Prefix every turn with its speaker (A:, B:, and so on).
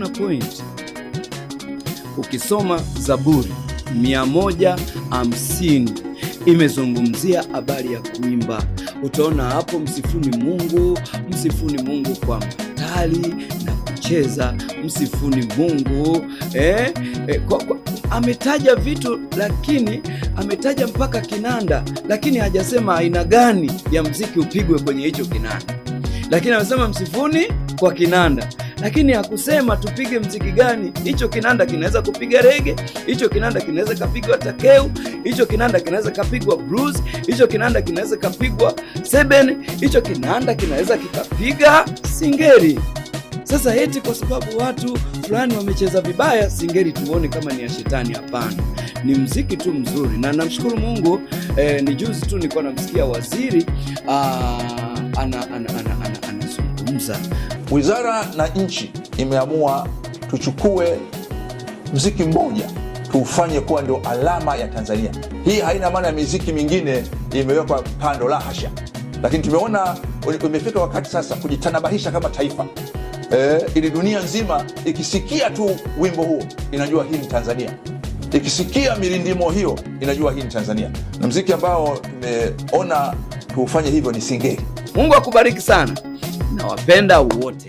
A: hakuna point. Ukisoma Zaburi 150 imezungumzia habari ya kuimba, utaona hapo, msifuni Mungu, msifuni Mungu kwa mtali na kucheza, msifuni Mungu eh, eh, kwa, kwa, ametaja vitu lakini ametaja mpaka kinanda, lakini hajasema aina gani ya mziki upigwe kwenye hicho kinanda, lakini amesema msifuni kwa kinanda lakini hakusema tupige mziki gani. Hicho kinanda kinaweza kupiga rege, hicho kinanda kinaweza kapigwa takeu, hicho kinanda kinaweza kapigwa blues, hicho kinanda kinaweza kapigwa seven, hicho kinanda kinaweza kikapiga singeli. Sasa heti kwa sababu watu fulani wamecheza vibaya singeli tuone kama ni ya shetani? Hapana, ni mziki tu mzuri, na namshukuru Mungu eh, ni juzi tu nilikuwa namsikia waziri anazungumza ah, ana, ana, ana, ana,
B: Wizara na nchi imeamua tuchukue mziki mmoja tuufanye kuwa ndio alama ya Tanzania. Hii haina maana ya miziki mingine imewekwa kando, la hasha, lakini tumeona imefika wakati sasa kujitanabahisha kama taifa e, ili dunia nzima ikisikia tu wimbo huo inajua hii ni Tanzania, ikisikia milindimo hiyo inajua hii ni Tanzania. Na mziki ambao tumeona tuufanye hivyo ni Singeli.
C: Mungu akubariki sana. Nawapenda wote.